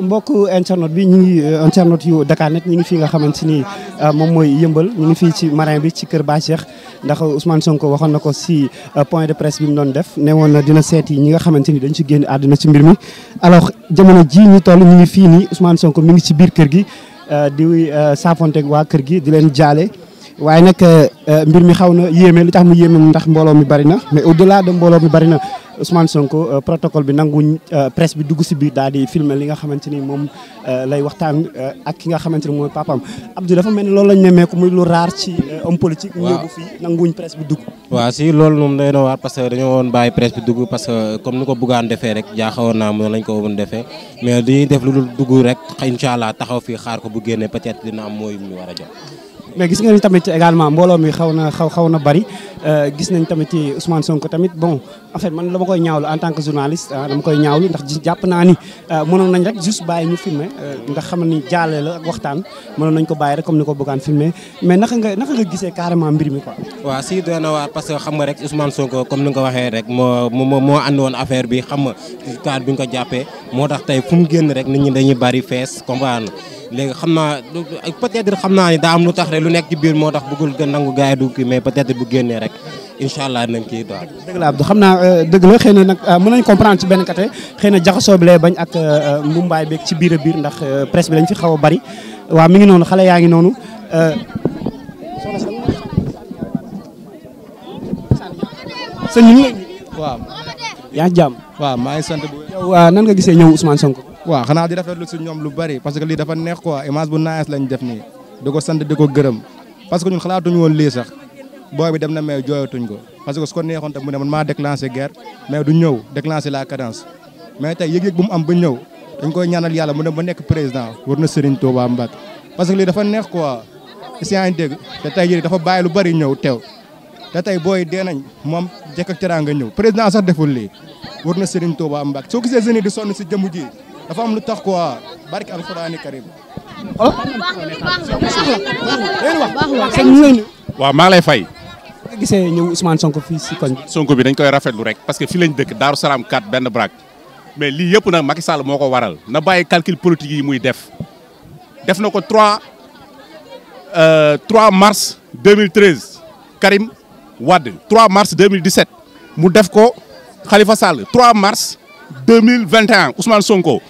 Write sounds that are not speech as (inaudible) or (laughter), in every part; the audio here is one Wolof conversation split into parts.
mbokk internet bi ñu ngi euh, internet yu Dakarnet ñu ngi fii nga xamante ni euh, moom mooy yëmbal ñu ngi fii ci marin bi ci kër Ba Cheikh ndax Ousmane Sonko waxoon na ko si euh, point de presse bi mu doon def ne woon na dina seeti ñi nga xamante ni dañu ci génn àdduna ci mbir mi. alors jamono ji ñu toll ñu ngi fii nii Ousmane Sonko mi ngi ci biir kër gi di saafonteeg waa kër gi di leen jaale waaye nag mbir mi xaw na yéeme li tax mu yéeme ndax mbooloo mi bari na mais au delà de mbooloo mi bari na. Ousmane Sonko euh, protocole bi nanguñ euh, presse bi dugg si biir daal di filmer li nga xamante ni moom euh, lay waxtaan ak ki nga xamante ni mooy papaam Abdou dafa mel ni loolu lañ nemmeeku muy lu raar ci homme politique. waaw ñëw fii nanguñ dugg. waaw si loolu moom day doon waar parce que dañoo woon bàyyi presse bi dugg parce que comme ni ko bëggoon defee rek jaaxawoon naa moom lañ ko woon defee mais dañuy def lu dugg rek incha allah taxaw fii xaar ko bu génnee peut-être dina am mooy ñu war a jox. mais gis ngeen tamit également mbooloo mi xaw na xaw xaw na bari euh, gis nañ tamit ci Ousmane Sonko tamit bon en fait man dama koy ñaawlu en tant que journaliste ah, dama koy ñaawlu ndax jàpp naa ni euh, mënoon nañ rek juste bàyyi ñu filmer euh, ndax xam ni jaale la waxtaan mënoon nañ ko bàyyi rek comme ni ko bëggaan filmer mais naka nga naka nga gisee carrément mbir mi quoi. si doon na waar parce que xam nga rek Ousmane Sonko comme ni nga ko waxee rek moo moo moo ànd affaire bi xam nga kaar bi ñu ko jàppee moo tax tey fu mu génn rek nit ñi dañuy bari fees comprendre léegi xam naa peut-être xam naa ni daa am lu tax rek lu nekk ci biir moo tax bëggul gën nangu gars yi du kii mais peut bu génnee rek incha allah nañ kii daal. dëgg la Abdou xam naa euh, dëgg la xëy na nag euh, mën nañ comprendre ci benn côté xëy na jaxasoo bi lay bañ ak euh, mbumbaay beeg ci biir biir ndax presse bi lañ fi xaw a bari waa mi ngi noonu xale yaa ngi noonu. sëñ bi ñu yaa ngi jàmm. maa ngi sant bu. yow nan nga gisee ñëw Ousmane Sonko. waaw xanaa di rafetlu si ñoom lu bari parce que lii dafa neex quoi image bu naaj lañ def nii di ko sant di ko gërëm parce que ñun xalaatuñu woon lii sax booy bi dem na mais jooyatuñ ko parce que su neexoon tam mu ne maa déclenché guerre mais du ñëw déclenché la cadence mais tey yëg bu mu am ba ñëw dañ koy ñaanal yàlla mu dem ba nekk président war na Serigne Touba parce que lii dafa neex quoi si yaa te tey jii dafa bàyyi lu bari ñëw teew te tey booy dee nañ moom jekk ak teraanga ñëw président sax deful lii war na Serigne Touba Mbacke soo gisee jeunes yi di sonn si jëmm ji dafa am lu tax quoi barke alxuraani karim. waaw maa lay fay. nga gisee ñëw Ousmane Sonko fii si koñ Sonko bi dañ koy rafetlu rek parce que fii lañ dëkk Daaru Salaam 4 benn braak mais lii yëpp nag Macky Sall moo ko waral na bàyyi calcul politique yi muy def def na ko 3 3 euh, mars 2013 Karim Wade 3 mars 2017 mu def ko xalifa Sall 3 mars 2021 Ousmane Sonko.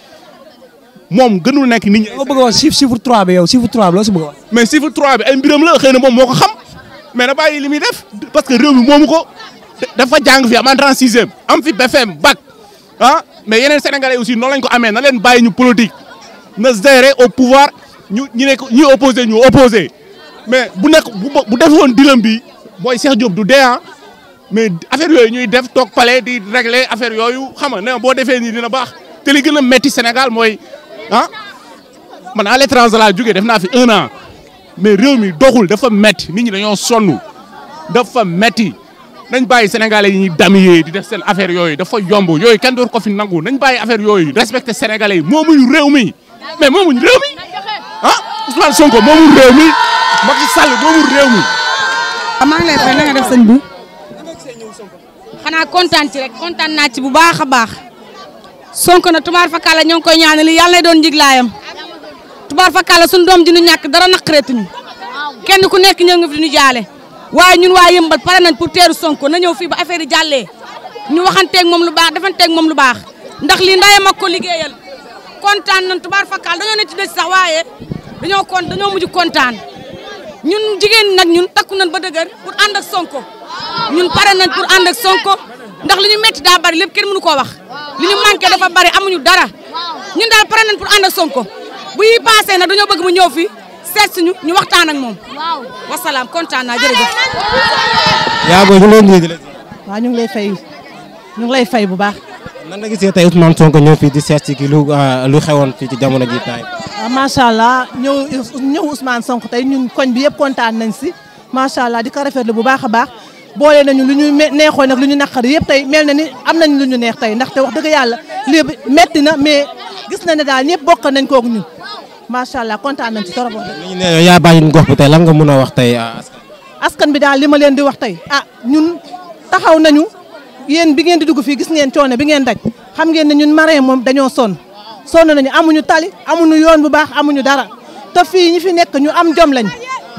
moom gënul nekk nit ñi. nga bëgg a wax chiffre 3 bi yow chiffre si bëgg a wax. mais chiffre 3 bi ay mbiram la xëy na moom moo ko xam mais na bàyyi li muy def parce que réew mi moomu ko dafa jàng fi am entrée en sixième am fi BFM bac a ah, mais yeneen sénégal sénégalais aussi noonu lañ ko amee na leen bàyyi ñu politique na gérer au pouvoir ñu ñu ne ñuy opposé ñu opposé mais bu nekk bu def defoon dilam bi booy Cheikh Diop du dee ah mais affaire yooyu ñuy def toog palais di régler affaire yooyu xam ne boo defee nii dina baax te li gën Sénégal mooy. ma ah, man à la laa jógee def naa fi un an mais réew mi doxul dafa metti nit ñi dañoo sonn dafa metti nañ bàyyi sénégalais yi ñuy damyee di def seen affaire yooyu dafa yomb yooyu kenn door ko fi nangu nañ bàyyi affaire yooyu respecté sénégalais yi moomuñu réew mi mais moomuñu réew mi ah Ousmane Sonko moomu réew mi Macky Sall moomu réew mi. waaw ah, maa ngi lay fay na nga def sëñ bi xanaa kontaan ci rek kontaan naa bu baax baax. Sonko na tubaar fa kàlla ñoo ngi koy ñaanal yàlla na doon njiglaayam tubaar fa kàlla suñu doom ji ñu ñàkk dara naqareetuñu kenn ku nekk ñëw nga fi ñu jaale waaye ñun waa yëmbal pare nañ pour teeru Sonko na ñëw fii ba affaire yi jàllee ñu waxanteeg moom lu baax defanteeg moom lu baax ndax lii ndayam ak ko liggéeyal kontaan nañ tubaar fakkaal dañoo ne ci dëj sax waaye dañoo kon dañoo mujj kontaan ñun jigéen nag ñun takku nañ ba dëgër pour ànd ak Sonko ñun pare nañ pour ànd ak Sonko ndax li ñu métti bari lépp kenn mënu koo wax li ñu manqué dafa bari amuñu dara ñun daal pare nañ pour ànd Sonko bu yi passé na dañoo bëgg mu ñëw fi seet suñu ñu waxtaan ak moom wasalaam kontaan naa jërëjëf. yaa booy ñu ngi leen di nuyu waaw ñu ngi lay fay ñu ngi lay fay bu baax. nan la gisee tey Ousmane Sonko ñëw fii di seet si lu ah, lu xewoon fii ci jamono ji taay. Ah, macha allah ñëw ñëw sonk tey ñun koñ bi yëpp kontaan nañ si macha allah di ko rafetlu bu baax a baax. boole nañu lu ñu neexoon nag lu ñu naqari yëpp tey mel na ni am nañ lu ñu neex tey ndaxte wax dëgg yàlla lii metti na mais gis na ne daal ñëpp bokk nañ kook ñun macha allah kontaan nañ ci torop wax dëgg. ñu ne yow a wax tey ah, askan bi daal li ma leen di wax tey ah ñun taxaw nañu yéen bi ngeen di dugg fii gis ngeen coono bi ngeen daj xam ngeen ne ñun marin moom dañoo sonn sonn nañu amuñu tali amuñu yoon bu baax amuñu dara ta fii ñi fi nekk ñu am jom lañ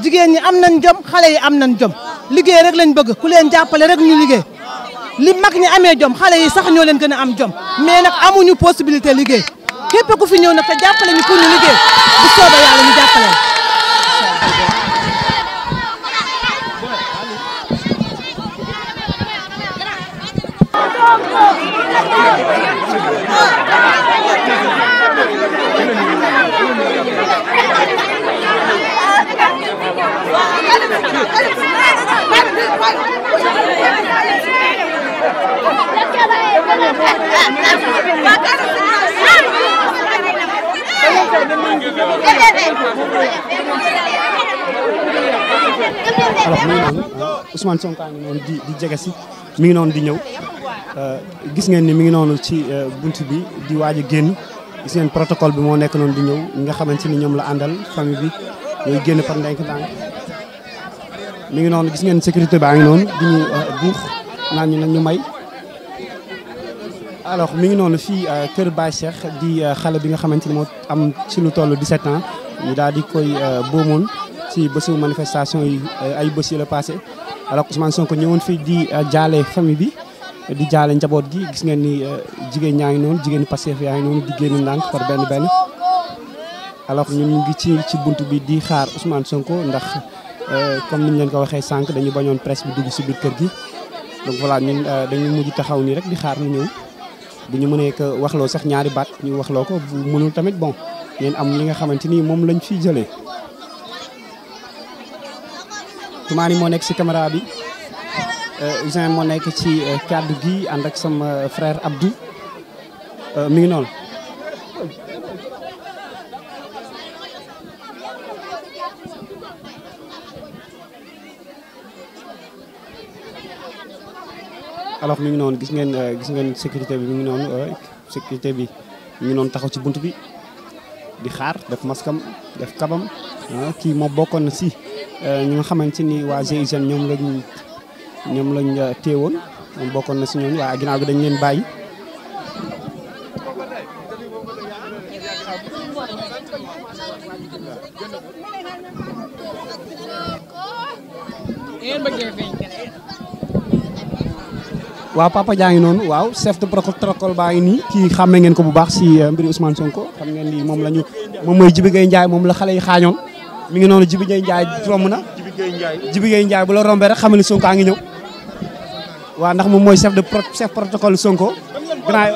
jigéen ñi am nañ jom xale yi am nañ jom liggéey rek lañ bëgg ku leen jàppale rek ñu liggéey li mag ñi amee jom xale yi sax ñoo leen gën a am jom mais nag amuñu possibilité liggéey képp ku fi ñëw nag te jàppale ñu pour ñu liggéey bu soobee yàlla ñu jàppale alors mi ngi noonu Ousmane Sonko di di jege si mi ngi noonu di ñëw euh, gis ngeen ni mu ngi noonu ci euh, bunt bi di waaj a génn gis ngeen protocole bi moo nekk noonu di ñëw ñi nga xamante ni ñoom la àndal famille bi ñooy génn par ndànk ndànk ngi noonu gis ngeen sécurité bi ngi noonu di ñu euh, buux naan ñu nag ñu may. alors mi ngi noonu fii euh, Kër Baye Cheikh di euh, xale bi nga xamante ni moo am ci lu toll 17 ans ñu daal di koy euh, boomoon si bésu manifestation yi ay bés yi la passé alors Ousmane Sonko ñëwoon fii di jaale famille bi di jaale njaboot gi gis ngeen ni jigéen ñaa ngi noonu jigéen Pastef yaa ngi noonu génn ndànk par benn benn alors ñun ñu ngi ci ci bunt bi di xaar Ousmane Sonko ndax comme niñ leen ko waxee sànq dañu bañoon presse bi dugg si biir kër gi donc voilà ñun dañu mujj taxaw nii rek di xaar mu ñëw. bu ñu mënee ko waxloo sax ñaari baat ñu waxloo ko bu mënul tamit bon ngeen am li nga xamante ni moom lañ fiy jëlee. Toumani moo nekk si caméra bi Ousin moo nekk ci euh, euh, kàddu gi ànd ak sama frère Abdou euh, mi ngi noonu. alors mi ngi noonu gis ngeen euh, gis ngeen sécurité bi mu ngi noonu euh, sécurité bi mi ngi noonu taxaw ci bunt bi di xaar def maskam def kabam ah, kii moom bokkoon na si euh, ñi xamante ni waa GIGN ñoom ñoom lañ bokkoon na si ñoom waaye ginnaaw gi dañ leen bàyyi. waaw papa jaa ngi noonu waaw chef de protocole baa ngi nii kii xàmme ngeen ko bu baax si euh, mbiri Ousmane Sonko xam ngeen ni moom la ñu moom mooy Jibi Gueye Ndiaye moom la xale yi xaañoon mi ngi noonu Jibi Gueye Ndiaye romb na Jibi Gueye Ndiaye bu la rombee rek xamal ni Sonko a ñëw waaw ndax moom mooy chef de chef protocole Sonko grand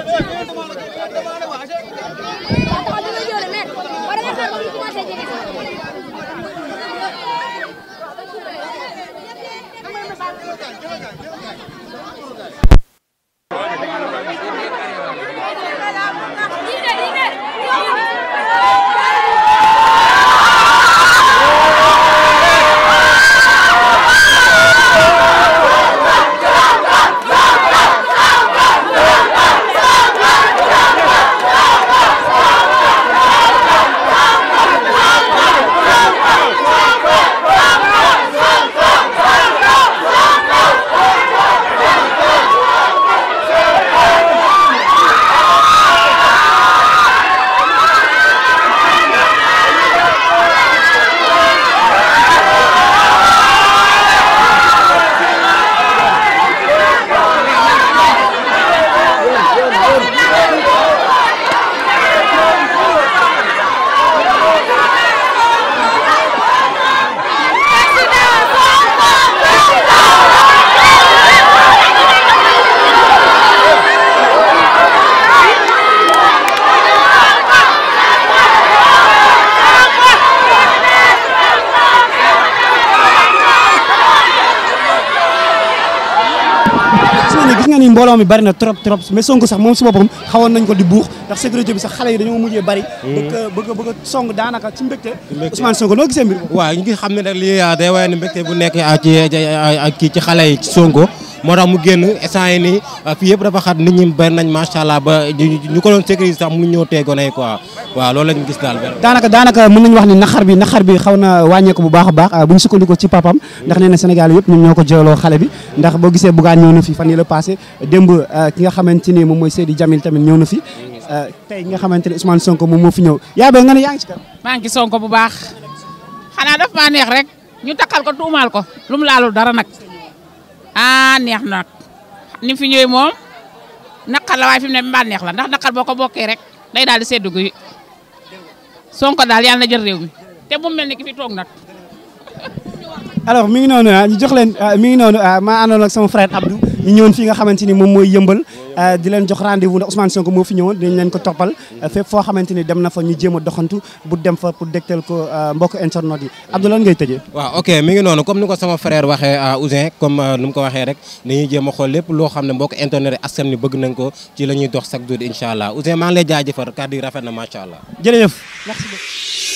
mbooloo mi bari na trop trop mais Sonko sax moom si boppam xawoon nañ ko di buux ndax sécurité bi sax xale yi dañoo mujjee bari hmm. bëgg song daanaka ci mbégte Ousmane Sonko loo gisee mbir waaw xam ne rek lii ah, day waaye ne mbégte bu nekk ah, ci kii ah, ci xale yi ci Sonko moo tax mu génn instant yi nii euh, fii yëpp dafa xat nit ñi bari nañ macha allah ba ñu ko doon ñëw tee yi quoi loolu lañu gis daal daanaka daanaka nañu wax ni naxar bi bi xaw na wàññeeku bu baax a baax euh, bu ñu sukkandikoo ci papam ndax nee na Sénégal yëpp ñoom ñoo ko jëloo xale bi ndax boo gisee Bougane ñëw na fi fan yi la passé démb euh, ki nga xamante moom mooy Seydi Jamil tamit ñëw na fi tey nga xamante ne Ousmane Sonko moom moo fi ñëw yaa ba nga ne yaa ngi ci kan maa ngi Sonko bu baax ko tuumaal ko lu mu ah neex na ni fi ñëwee moom naqar la waaye fi ne mbaa neex la ndax naqar boo ko bokkee rek day daal di seddu guy Sonko daal yàlla na jël réew mi te bu mel ni ki fi toog nag. (laughs) alors mi ngi noonu ah ñu jox leen ah, mi ngi noonu ah maa àndoon ak sama ñu ñëwoon fii nga xamante ni moom mooy yëmbal euh, di leen jox rendez-vous ndax Ousmane moo fi ñëwoon dinañ leen ko toppal euh, fépp foo xamante ni dem na fa ñu jéem a doxantu bu dem fa pour dégtal ko euh, mbokk internet yi Abdou ngay tëjee waaw ok mi ngi noonu comme ni ko sama frère waxee Ousin comme nu mu ko waxee rek dañuy jéem a xool lépp loo xam ne mbokk internet yi askan ni bëgg nañ ko ci la ñuy dox chaque jour incha allah Ousin maa ngi lay jaajëfal kàddu yi rafet na macha allah jërëjëf merci